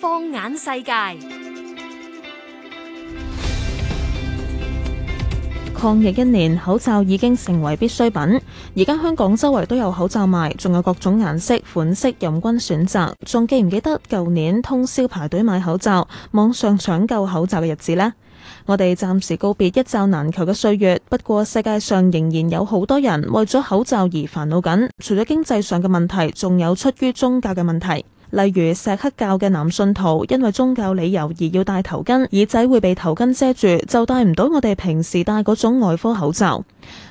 放眼世界，抗疫一年，口罩已經成為必需品。而家香港周圍都有口罩賣，仲有各種顏色、款式任君選擇。仲記唔記得舊年通宵排隊買口罩、網上搶購口罩嘅日子呢？我哋暫時告別一罩難求嘅歲月，不過世界上仍然有好多人為咗口罩而煩惱緊。除咗經濟上嘅問題，仲有出於宗教嘅問題，例如錫克教嘅男信徒因為宗教理由而要戴頭巾，耳仔會被頭巾遮住，就戴唔到我哋平時戴嗰種外科口罩。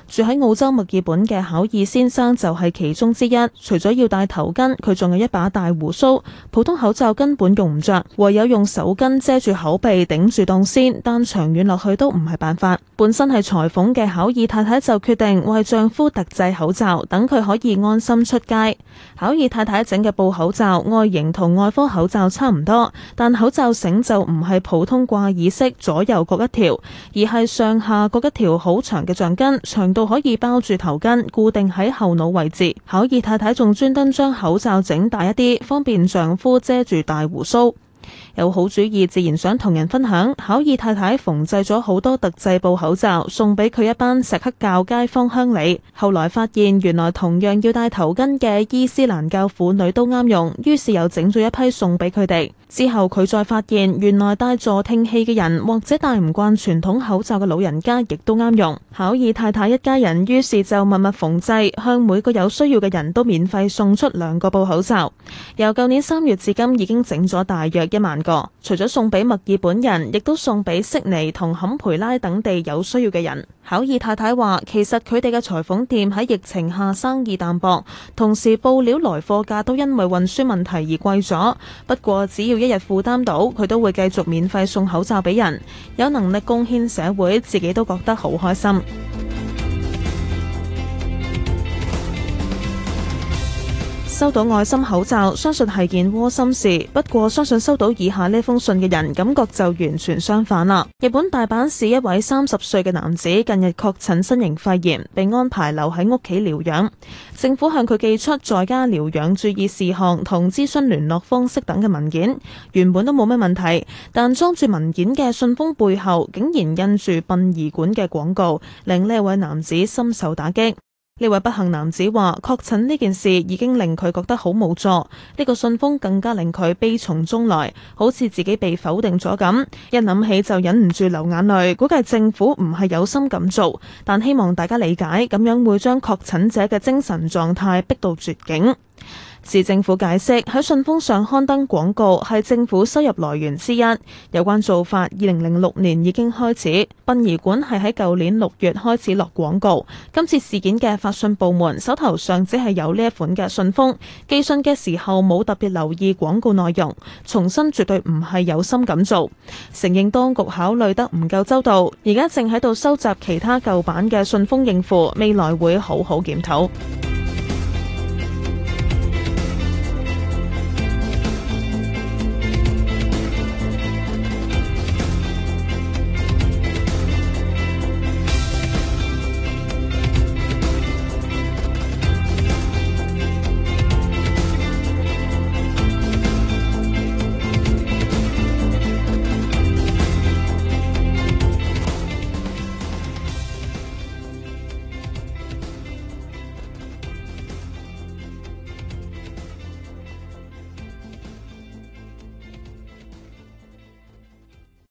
住喺澳洲墨爾本嘅考爾先生就係其中之一，除咗要戴頭巾，佢仲有一把大鬍鬚，普通口罩根本用唔着，唯有用手巾遮住口鼻，頂住檔先。但長遠落去都唔係辦法。本身係裁縫嘅考爾太太就決定為丈夫特製口罩，等佢可以安心出街。考爾太太整嘅布口罩，外形同外科口罩差唔多，但口罩繩就唔係普通掛耳式左右各一條，而係上下各一條好長嘅橡筋。長度可以包住頭巾，固定喺後腦位置。考爾太太仲專登將口罩整大一啲，方便丈夫遮住大鬍鬚。有好主意，自然想同人分享。考爾太太縫製咗好多特製布口罩，送俾佢一班錫克教街坊鄉里。後來發現，原來同樣要戴頭巾嘅伊斯蘭教婦女都啱用，於是又整咗一批送俾佢哋。之後佢再發現，原來戴助聽器嘅人或者戴唔慣傳統口罩嘅老人家，亦都啱用。考爾太太一家人於是就密密縫製，向每個有需要嘅人都免費送出兩個布口罩。由舊年三月至今，已經整咗大約一萬個，除咗送俾墨爾本人，亦都送俾悉尼同坎培拉等地有需要嘅人。考爾太太話：其實佢哋嘅裁縫店喺疫情下生意淡薄，同時布料來貨價都因為運輸問題而貴咗。不過只要一日負擔到，佢都會繼續免費送口罩俾人，有能力貢獻社會，自己都覺得好開心。收到愛心口罩，相信係件窩心事。不過，相信收到以下呢封信嘅人，感覺就完全相反啦。日本大阪市一位三十歲嘅男子近日確診新型肺炎，被安排留喺屋企療養。政府向佢寄出在家療養注意事項同諮詢聯絡方式等嘅文件，原本都冇咩問題，但裝住文件嘅信封背後竟然印住殯儀館嘅廣告，令呢位男子深受打擊。呢位不幸男子話：確診呢件事已經令佢覺得好無助，呢個信封更加令佢悲從中來，好似自己被否定咗咁，一諗起就忍唔住流眼淚。估計政府唔係有心咁做，但希望大家理解，咁樣會將確診者嘅精神狀態逼到絕境。市政府解釋，喺信封上刊登廣告係政府收入來源之一，有關做法二零零六年已經開始。殯儀館係喺舊年六月開始落廣告，今次事件嘅發信部門手頭上只係有呢一款嘅信封，寄信嘅時候冇特別留意廣告內容，重申絕對唔係有心咁做，承認當局考慮得唔夠周到，而家正喺度收集其他舊版嘅信封應付，未來會好好檢討。